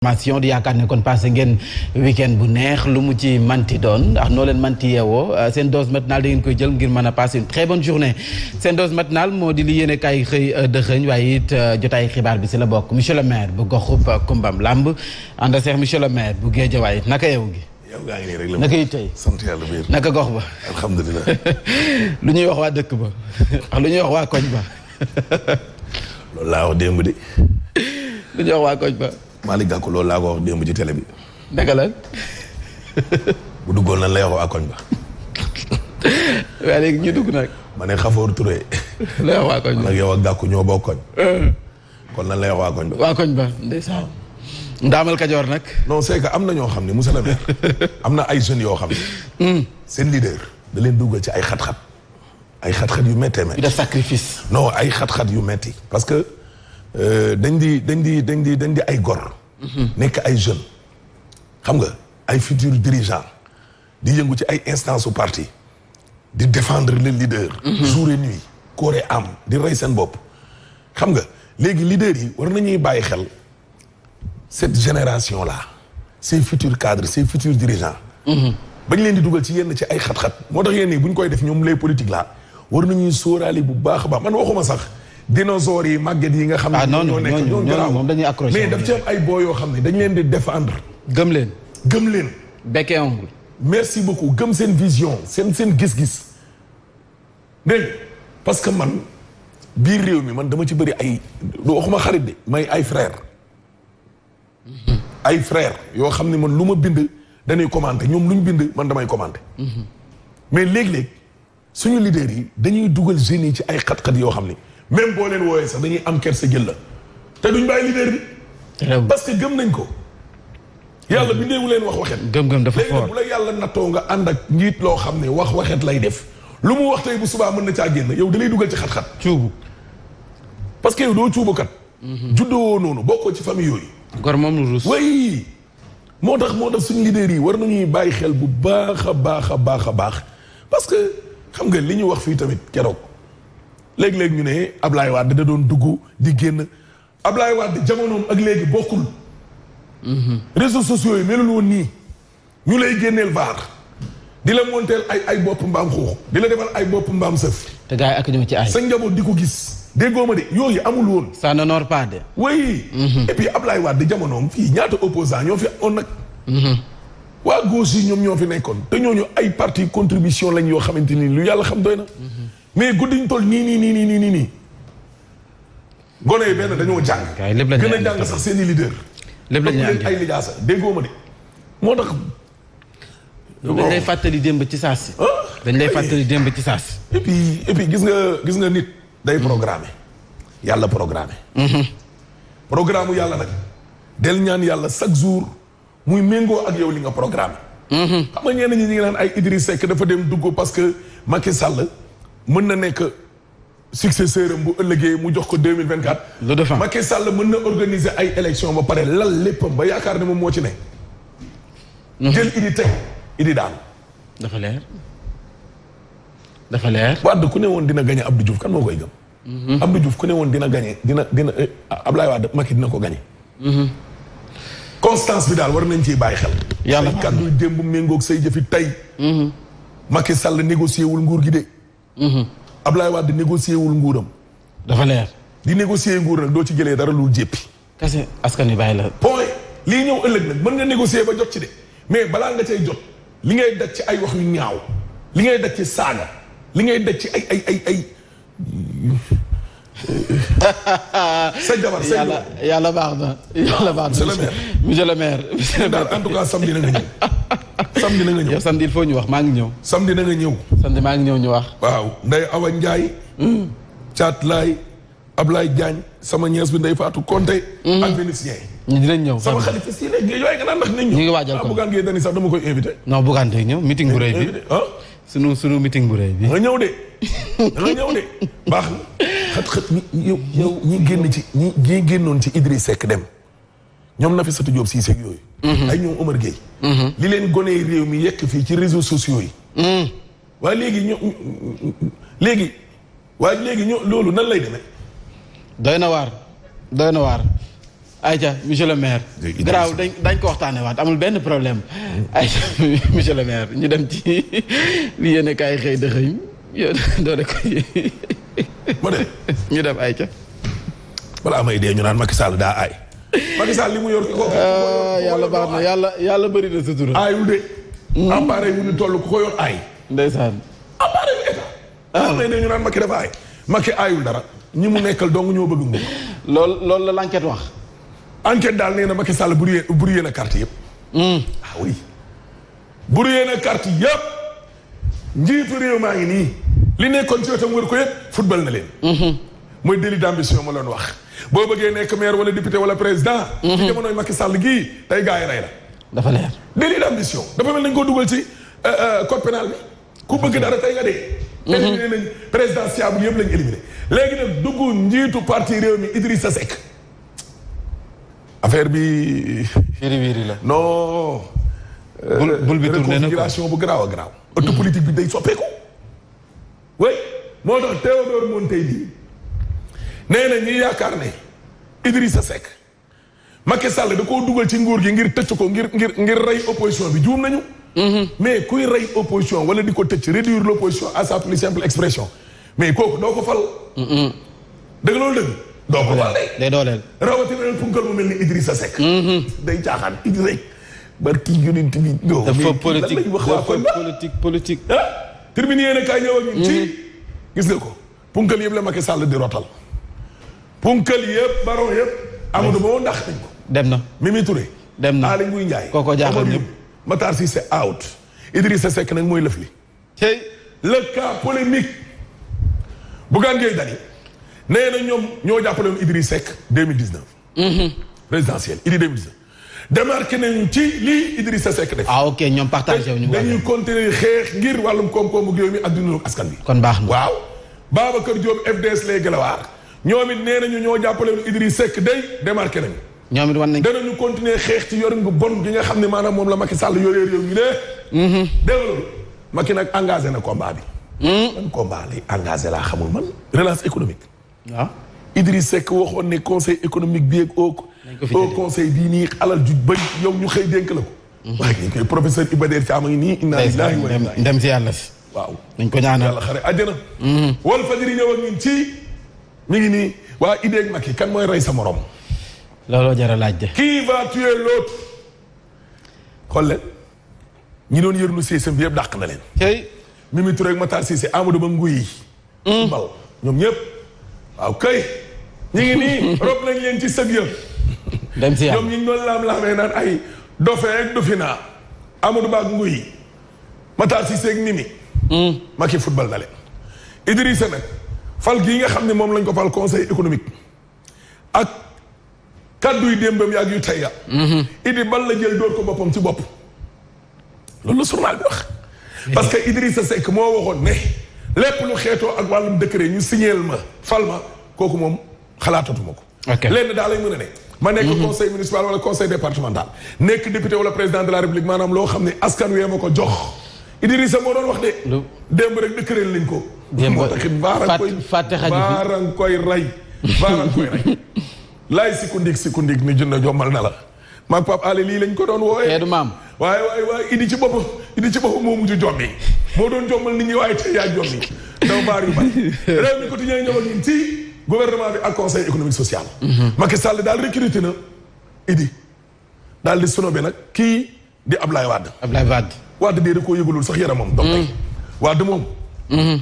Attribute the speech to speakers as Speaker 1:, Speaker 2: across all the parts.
Speaker 1: information di yaakaar ne kon passé ngeen weekend bu neex lu mu ci manti doon ndax noo leen manti yeewoo euh, seen dose matinale da ngeen koy jël ngir mën a passer une très bonne journée seen dose matinale moo di li yéene kaay xëy euh, dëxëñ waaye it euh, jotaay xibaar bi si la bokk monsieur le maire bu goxub Kumbam Lamb ànd seex monsieur le maire bu Géejawaay naka yow gi yow gaa ngi nii rek la naka it tey sant yàlla biir naka gox ba lu ñuy wax waa dëkk ba lu ñuy wax waa koñ ba loolu laa wax lu ñuy wax waa koñ ba Malick Gakou loolu laa ko wax démb ci bi. dëgg la. bu duggoon lan lay waa koñ ba. waaye léegi ñu dugg nag. ma ne Xafoor Touré. lay wax waa koñ ba ndaamal Kajoor nag. non c'est am na ñoo xam ne musa le maire am na ay jeunes yoo xam ne. Hmm. seen leader. da leen duggal ci ay xat-xat. ay xat yu méttee métti. yu ay xat-xat yu métti Euh, dañ di dañ di dañ di dañ di ay gor. Mhm. nekk ay jeunes. xam nga ay futurs dirigeants di yëngu ci ay instances su parti di defendre le leader. Mhm. jour et nuit corps et di rey seen bopp. xam nga léegi leaders yi war nañuy bàyyi xel cette génération là ces futurs cadres ces futurs dirigeants. Mhm. bañ leen di dugal ci yenn ci ay xat-xat. moo tax yenn yi buñ koy def ñoom les politiques là war nañuy sóoraale bu baax a baax man waxuma sax. dinosaures yi màgget yi nga xam ne ah, ñoo nekk ñoo garaaw moom dañuy accroché mais daf ci am ay boo yoo xam ne dañ leen di défendre gëm leen gëm leen bec ongle merci beaucoup gëm seen vision seen seen gis-gis dégg parce que man biir réew mi man dama ci bëri ay du waxuma xarit de may ay frère mhm. ay frère yoo xam ne man lu ma bind dañuy commenté ñoom lu ñu bind man damay commenté mhm. mais léeg-léeg suñu leader yi dañuy dugal jeunes ci ay xat-xat yoo xam ne même boo leen wooyee sax dañuy am kersa jël la te duñ bàyyi leader bi. parce que gëm nañ ko. yàlla bi ndeewu leen wax waxet gëm-gëm dafa fort yàlla nattoo nga ànd ak njiit loo xam ne wax waxet lay def lu mu wax tey bu subaa mën na caa génn yow da lay dugal ci xat-xat. cuubu parce que yow doo kat juddoo noonu bokkoo ci famille yooyu. gor moom lu rus. way moo tax moo tax suñ leader yi war nañuy bàyyi xel bu baax a baax a baax a baax parce que xam nga li ñuy wax fii tamit keroog. léegi léeg ñu ne Ablaye Wade da doon dugg di génn Ablaye Wade jamonoom ak léegi bokkul. réseaux sociaux yi melul woon nii ñu lay génneel vaar di la monteel ay bopp mbaam xuux di la defal ay bopp mbaam sëf. te gars yi ak ñu ci ay. sa njaboot di ko gis. déggoo ma de yooyu amul woon. ça n'honore pas de. oui. Mhm. et puis Ablaye Wade jamonoom fii ñaata opposant ñoo fi on nag. Mhm. waa gauche yi ñoom ñoo fi nekkoon te ñooñu ay parti contribution lañ yoo xamante ni lu yàlla xam doy na. Mhm. mais guddi ñu nii nii nii nii nii nii gone yi benn dañoo jàng. kay lépp lañ a jàng sax seen i leader. lépp lañ leen ay lijaasa déggoo ma de moo tax. dañ lay fàttali démb ci saa si. Ah, dañ lay fàttali démb ci saa si. et gis nga gis nga nit. day hmm. programme yàlla programmé. Hmm. programme yàlla nag. del ñaan yàlla chaque jour muy méngoo ak yow li nga programmé. Hmm. xam nga ñenn ñi ñu ngi naan ay Idriss Seck dafa dem dugg parce que Macky Sall. mën na nekk successeur am bu ëllëgee mu jox ko deux mille vingt quatre. le défunt Macky Sall mën na organiser ay élection ba pare lal léppam ba yaakaar ne moom moo ci ne. Mhm. jël idi teg idi daal. dafa leer dafa leer. Wade ku ne woon dina gagné Abdou Diouf kan moo koy gëm. Mhm. Abdou Diouf ku ne woon dina gagné dina dina eh, Ablaye Wade Macky dina ko gagné. Mhm. constance bi daal war nañ ciy bàyyi xel. yàlla kàddu démb méngoog say jëfi tey. Macky Sall négocié wul nguur gi de. Mhm. Ablaye Wade négocier wul nguuram. dafa leer. di négocier nguur nag doo ci jëlee dara lu jéppi. kese askan wi bàyyi la. point lii ñëw ëllëg nag mën nga négocier ba jot ci de mais balaa nga cay jot li ngay daj ci ay wax yu ñaaw li ngay daj ci saaga li ngay daj ci ay ay ay ay. sa jabar sa yàlla yàlla baax na yàlla baax na. monsieur le maire monsieur le maire. en tout cas samedi na nga ñëw. samedi na nga ñëw yow samedi il ñu wax maa ngi ñëw. samedi na nga ñëw. samedi maa ngi ñëw ñu wax. waaw Ndeye Awa Ndiaye. Hmm. Thiat Laye Ablaye Diagne sama ñees bi Ndeye Fatou Conté. Hmm. ak ñu dinañ ñëw sama xarit si la yooyu nga naan ñu ngi waajal ah, ko Bougane Gueye Dany sax dama koy invité. ñëw meeting bu rëy bi ah. sunu sunu bu rëy bi. ñëw de nga ñëw de baax na xat xat ñi ñi génn ci ci Idriss Seck dem ñoom Nafissatou Diop Cissé yooyu Mm-hmm. ay ñoom Omar Gueye mm-hmm. li leen gone réew mi yekk fii ci réseau sociaux yi mm. waaye léegi ño léegi waaye léegi loolu nan lay demee doy na waar doy na waar ayca monsieur le maire garaaw dañ dañ ko waxtaane waat amul benn problème mm-hmm. ayca monsieur le maire ñu dem ci li yéene kaay xëy dëxëñ yow doone ko ma de ñu dem ayca balaa may dee ñu naan Macky Sall daa aay Macky Sall li mu yor ko yàlla baax na yàlla yàlla bëri na sa tur. aayul de. appareil yu ni toll ku ko yor ay ndeysaan. appareil yu état. ah mais dañu naan dara ñi mu nekkal dong ñoo bëgg nguur. lool loolu la l'enquête wax. enquête daal nee na Macky Sall brouillé brouillé na carte yëpp. Hmm. ah oui. brouillé na carte maa ngi nii. li nekkoon ci wetam wër ko yëpp football na leen. Hmm. mooy délit d'ambition ma loon wax. boo bëggee nekk maire wala député wala président. Mhm. ci jamonoy Macky Sall gii tey gars yi la. dafa leer délit d'ambition dafa mel nañ koo dugal ci euh, euh, code pénal bi ku bëgg dara tey nga dee. éliminé mhm. nañ présidentiable yëpp lañ éliminé léegi nag njiitu parti mi Idrissa Seck affaire bi. firi wiri la non. Euh, bul bi tourné na configuration bu garaaw a garaaw. ëtt politique bi day soppeeku. oui moo tax Théodore Montaigne nee na yaakaar ne Idrissa Seck Macky Sall da koo dugal ci nguur gi ngir tëcc ko ngir ngir ngir rey opposition bi juum nañu. Mhm. mais kuy rey opposition wala di ko tëcc réduire l' opposition à sa plus simple expression mais kooku doo ko fal. Mhm. dëgg loolu dëgg. doo ko fal de. day dooleel rawatina leen punkal mu mel ni Idrissa Seck. Mhm. day caaxaan Idrissa barki yonent bi. dafa politique dafa politique politique. ah terminé na kaay ñëw ci. gis nga ko punkal yëpp la Macky Sall di rotal. punkal yëpp baron yëpp. Amadou Ba woon ndax nañ ko. dem na Mimi Touré. dem na Aly Ngouille Ndiaye. kooko jaaxal ñëpp Matar Cissé out. sa Seck nag mooy lëf li. tey le cas polémique. Bougane Gueye Dany nee na ñoom ñoo jàppale woon Idrissa Seck 2019. Mm-hmm. présidentielle Idi 2019. démarqué nañu ci lii sa Seck def. ah ok ñoom partage wu ñu. dañuy continuer xeex ngir wàllum koom-koomu réew mi ak dundu askan bi kon baax na waaw Babacar Diop FDS lay gëlawaar. ñoom it nee nañu ñoo jàppale woon Idriss Seck day démarqué nañu. ñoom nañu continuer xeex ci yorin bu bon gi nga xam ne maanaam moom la Macky Sall yoree réew mi de. Mm-hmm. bi. man mm-hmm. combat lay engagé laa man relance économique. waaw ah. Idriss Seck waxoon ne conseil économique bi ak au. au conseil bii nii alal ju bëri yow ñu xëy dénk la ko. Mm-hmm. waaye ñu koy professeur a ngi nii. inna lillahi dem si yàlla waaw nañ ko ñaanal yàlla xare wal fajiri ñëw ak ci. ñu ngi nii waa idée Macky kan mooy rey sa morom. looloo jar a laaj de. qui va tuer l'autre xool leen ñi doon yërnu CSM bi yëpp dàq na leen. tey Mimi Touré ak Matar Cissé Ba Nguy. Mm. Mbaw ñoom ñëpp waaw kay. ñu ngi nii rob ci sëg si ñoom ñu ngi doon ay dofee ak dofina Amadou Ba ak Nguy mm. na leen Idrissa nag. fal gii nga xam ne moom lañ ko fal conseil économique ak kaddu yu démbam yaag yu tayya mm-hmm. idi bal la jël dóor ko boppam ci bopp loolu la journal bi wax parce que sa sec moo waxoon ne lépp lu xeetoo ak wàllum décret ñu signeel ma fal ma kooku moom xalaatatuma ko lenn daa lay mën a ne ma nekk mm-hmm. conseil municipal wala conseil départemental nekk député wala président de la république maanaam loo xam ne askan wee ma ko jox sa moo doon wax de démb rek décret lañ ko moo taxit baara koy baara koy rey baara koy rey laay sikundik sikundik ni junne jombal na la maag Pape Alé lii lañ ko doon wooyee du maam waaye waaye waaye idi ci boppam idi ci boppam moo mujj jombi moo doon jombal nit ñi waaye tey yaa jombi daw baar yu bari réew mi quotidien ñëw ak ñun ci gouvernement bi ak conseil économique social mhm. Macky Sall daal recruté na idi daal di sonobe nag kii di Ablaye Wade Ablaye Wade Wade dee da koo yëgulul sax yaramam donc mhm. Wade moom mhm.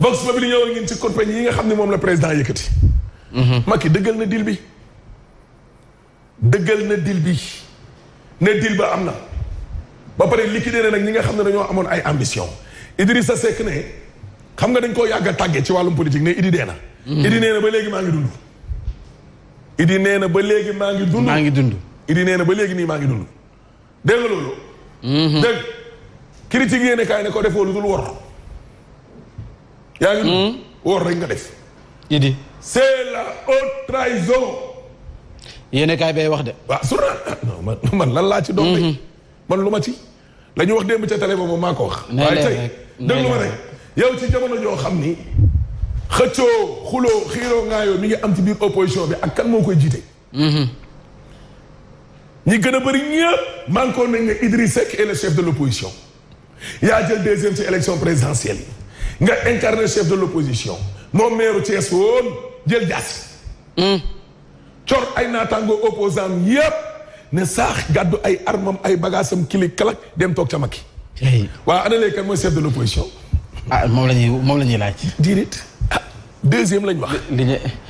Speaker 1: Vox Populi li ñëwal ngeen ci compagnie yi nga xam ne moom la président yëkkati. Mhm. Macky dëggal na dil bi dëggal na dil bi ne dil ba am na ba pare liquider na nag ñi nga xam ne dañoo amoon ay ambition Idrissa Seck ne xam nga dañ koo yàgg tàggee ci wàllum politique ne Idi dee mhm. na. ba léegi maa ngi dund. Idi nee na ba léegi maa ngi dund maa ngi dund. Idi nee na ba léegi nii maa ngi dund dégg nga loolu. Mhm. dégg critique yéene kaay ne ko defoo lu dul wor. yaa ngi dugg hmm? wóor rek nga def. Idi. c'est la haute trahison. yéen kaay bay wax de. waaw su ah, man man laa ci doon rek. man lu ma ci. la wax démb ca télé boobu maa ko wax. waaye tey déglu ma rek. yow ci jamono joo xam ni. xëccoo xuloo xiiroo ngaayoo mi ngi am ci biir opposition bi ak kan moo koy jiite. ñi gën a bëri ñëpp. manqué nañ ne Idriss Seck est la chef de l'opposition. yaa jël deuxième ci élection présidentielle nga incarné chef de l'opposition moom meeru Thiès woon jël jaasi hmm. cor ay naataango opposant yépp ne saax gàddu ay armam ay bagaasam kili kalak dem toog ca Macky waaw ana léegi kan mooy chef de l'opposition ah moom la ñuy moom la ñuy laaj diirit ah deuxième lañ wax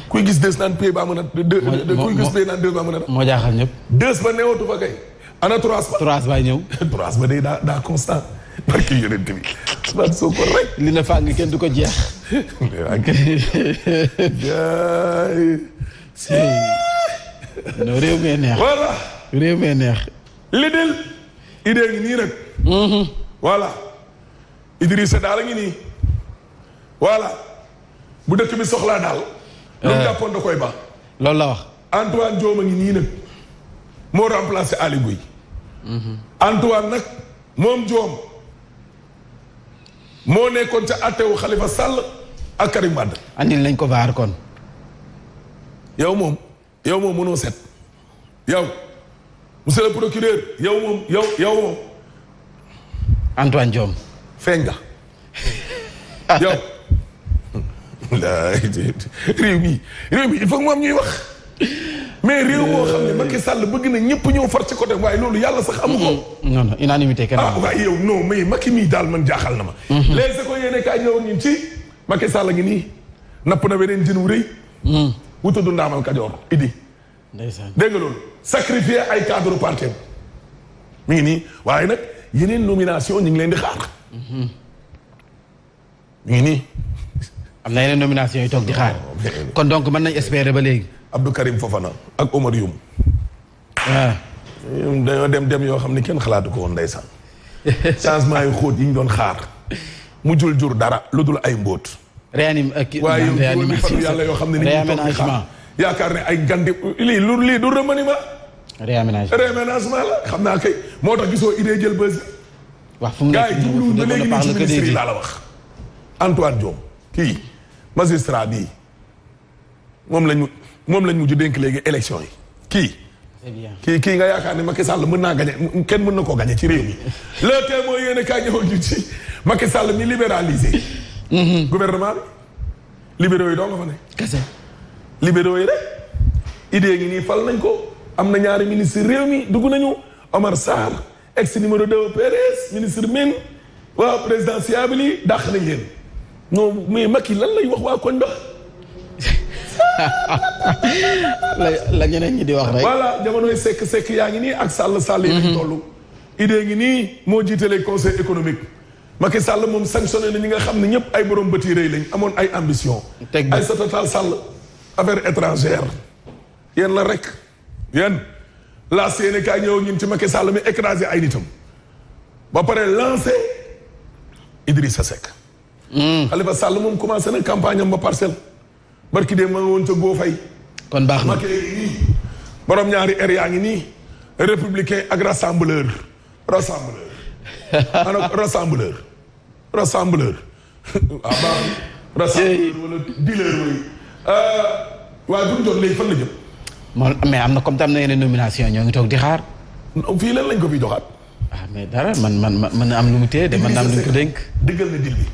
Speaker 1: kuy gis a kuy gis pay naan deux baa mën a moo jaaxal ñëpp deux ba neewatu fa kay ana trois ba trois ñëw trois ba day daa daa constant barki yonent li na fàng kenn du ko jeex. non réew mi neex. li del idée ngi nii nag. Mm-hmm. voilà daal a ngi nii. voilà bu dëkk bi soxlaa daal. lu mu jàppoon da koy ba. loolu la Antoine Diome a ngi nii moo remplacé Aly Ngouille. Mm-hmm. Antoine nag moom Diome. moo nekkoon ca xale Khalifa Sall ak Karim Wade. andil lañ ko vaar kon. yow moom yow moom mënoo set yow monsieur le procureur yow moom yow yow moom. Antoine Diome. feeñ nga yow. réew mi réew il faut que moom ñuy wax. mais réew moo xam ne euh. Macky Sall bëgg na ñëpp ñëw far ci côté waaye loolu yàlla sax amu ko. non non unanimité kenn ah waaye yow non mais Macky mii daal man jaaxal na ma. Mm-hmm. les seco yéene kaay ñëwoon ñun ci Macky Sall ngi nii napp na weneen jën wu rëy. Mm. wutadu ngi nii waaye nag yeneen nomination ñu ngi leen di xaar. Mm-hmm. mi ngi nii. am na yeneen nomination yi toog di xaar kon donc mën nañ espérer ba léegi. Abdou Karim Fofana ak Omar Youm. Ah. dañoo dem dem yoo xam ne kenn xalaatu ko woon ndeysaan. changement yu xoot yiñ doon xaar. mu mujjul jur dara lu dul ay mbóot. réanim ak waaye yow mi fan yoo xam ne ni ñu toog xaar yaakaar ne ay gandi lii lu lii du remaniement. la xam naa kay moo tax gisoo idée jël bës. wax fu mu nekk nii ci ministre yi la wax. Antoine Diome kii magistrat bii moom la moom lañ mujj dénk léegi élection yi kii. Eh kii kii nga yaakaar ne Macky Sall mën naa gañe kenn mën na koo gañe ci réew mi le témoin yéen a kaay ñëw ñu ci Macky Sall mi libéralisé. Mhm. gouvernement bi libéraux yi doo nga fa ne. kese libéraux yi nii fal nañ ko am na ñaari ministre réew mi dugg nañu Omar Sarr ex numéro 2 PRS ministre mine waa présidentiable yi dàq nañ leen non mais yi lan lay wax waa koñ ba. la la ñeneen ñi di wax rek. voilà jamonoy sekk sekk yaa ngi nii ak sàll sàll yi lañ mhm. toll. idée ngi nii moo jiitale conseil économique. Macky Sall moom sanctionné na ñi nga xam ne ñëpp ay borom bët yi lañ amoon ay ambition. teg ay satatal sàll affaire étrangère. yéen la rek. yéen la yéen kaay ñëw ci Macky Sall mi écrasé ay ba pare lancé Idrissa Seck. Mm. Khalifa Sall moom commencé na campagne am ba parcelle. barki de ma nga woon sa góo fay kon baax na borom ñaari air yaa ngi nii républicain ak rassembleur rassembleur a rassembleur rassembleur ah, rassembleur wala dealer mooy euh, waaye bu doon léegi fan la jëm am na comme am na yeneen nomination ñoo ngi toog di xaar fii lan lañ ko fi joxaat ah mais dara man man man am lu mu téye de man am lu ko dénk diggal na dil bi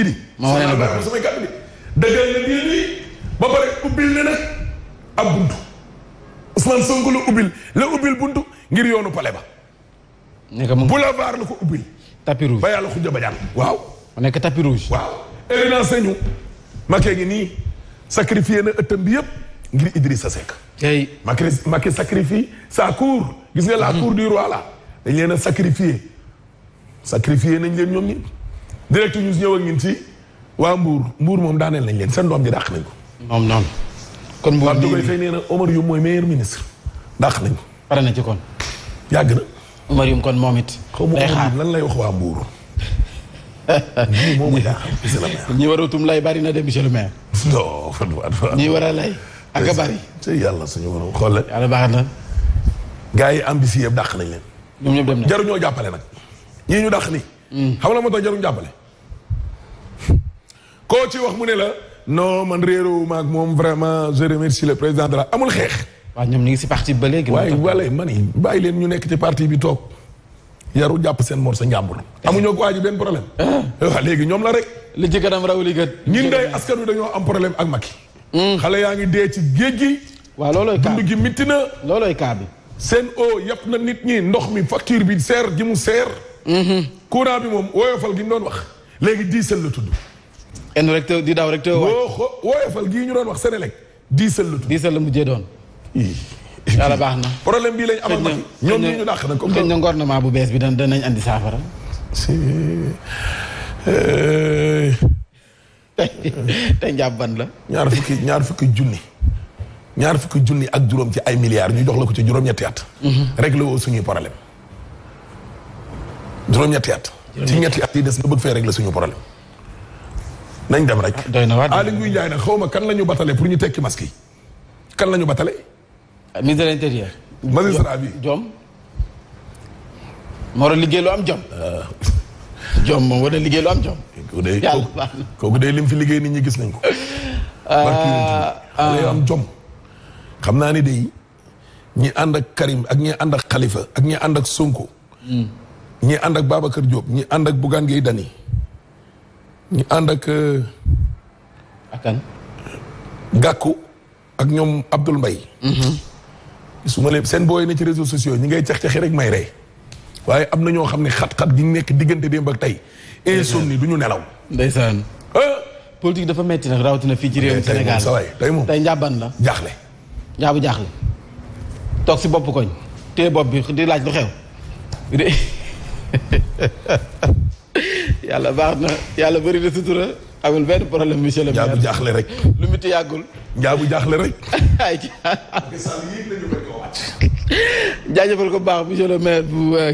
Speaker 1: idi moo wane na boppam samay kàddu bi dëggal na diin ba pare ubbil na nag ab buntu Ousmane Sonko la ubbil la ubbil buntu ngir yoonu pale ba. ne ko boulevard la ko ubbil. tapis rouge ba yàlla xuj a bajaan waaw. mu nekk tapis rouge. waaw évidence ñu ngi nii sacrifié na ëttam bi yëpp ngir Idrissa Seck. tey Macky Macky sacrifie sa cour. gis nga la mm-hmm. cour du roi la dañ leen a sacrifié sacrifié nañ leen ñoom ñi direct news ñëw ak ci. waa mbuur mbuur moom daaneel lañ leen seen doom ji dàq nañ ko. moom noonu. kon Mbour mii Pape Faye nee na Omar Youm mooy meilleur ministre dàq nañ ko. pare na ci kon. yàgg na. Omar Youm kon moom it. day xaar lan lay wax waa Mbour. ñii moomu jaaxal monsieur le maire. ñi lay bari na de monsieur le maire. non Fatou war a lay ak a bari. yàlla suñu borom xoolal. yàlla baax na. gars yi ambitieux yëpp dàq nañ leen. ñoom ñëpp dem na jàppale nag. ñii ñu dàq nii. Hmm. xam nga moo tax jaruñ jàppale. koo ci wax mu ne la no man réeroo maak moom vraiment je remercie le président de la amul xeex. waaw ñoom ñu ngi si parti ba léegi. waaye wala man yi bàyyi leen ñu nekk ci parti bi toog yaru jàpp seen mor sa njàmbur. Eh. amuñoo ko waa benn problème. Eh. Eh, léegi ñoom la rek. li ci kanam raw li gën. ñun askan wi dañoo am problème ak Macky. Hmm. xale yaa ngi dee ci géej gi. waaw loolooy kaa gi mitti na. loolooy kaa seen o yàpp na nit ñi ndox mi facture bi seer gi mu seer. Hmm. courant bi moom woyofal gi ñu doon wax. léegi diisal la tudd. en rek te di daw rek te woo wooyofal gii ñu doon wax Sénélec diisal la diisal la mujjee doon yàlla baax na problème bii lañ amal ma ñoom ñi ñu dàq na comme xëy na gouvernement bu bees bi dan danañ andi saafara tey njàpp ban la ñaar fukki ñaar fukki junni ñaar fukki junni ak juróom ci ay milliards ñu jox la ko ci juróom-ñetti at mhm. réglé woo suñuy problème juróom-ñetti at ñetti at yi des nga bëgg fee réglé suñu problème nañ dem rek. doy na waat Aly Ngouille Ndiaye ma kan la ñu batale pour ñu tekki masque yi kan la ñu batale. ministre de l'intérieur. magistrat bi jom moo war liggéey lu am jom. Ah. jom moom war liggéey lu am jom. yàlla kooku de lim fi liggéey ni ñi gis nañ ko. Ah, barki ah. am jom. xam naa ni de ñi ànd ak Karim ak ñi ànd ak Khalifa ak ñi ànd ak Sonko. Hmm. ñi ànd ak Babacar Diop ñi ànd ak Bougane Gueye ñu ànd ak. Euh, akan gàkku ak ñoom Abdoul Mbaye mhm. su ma leen seen booy ne ci réseaux sociaux ñi ngay cax-caxi rek may rey waaye am na ñoo xam ne xat-xat gi nekk diggante démb ak tey insomnie du ñu nelaw ndeysaan politique dafa metti nag rawatina fii ci réew Sénégal sa waay tey moom tay njàbban la jaaxle njaabu jaaxle toog si bopp koñ téye bopp bi di laaj lu xew yàlla baax na yàlla bëri na sutura amul benn problème monsieur le maire njaabu jaaxle rek. lu mu ti yàggul. njaabu jaaxle rek. ay jaajëfal ko baax monsieur le maire bu. Euh,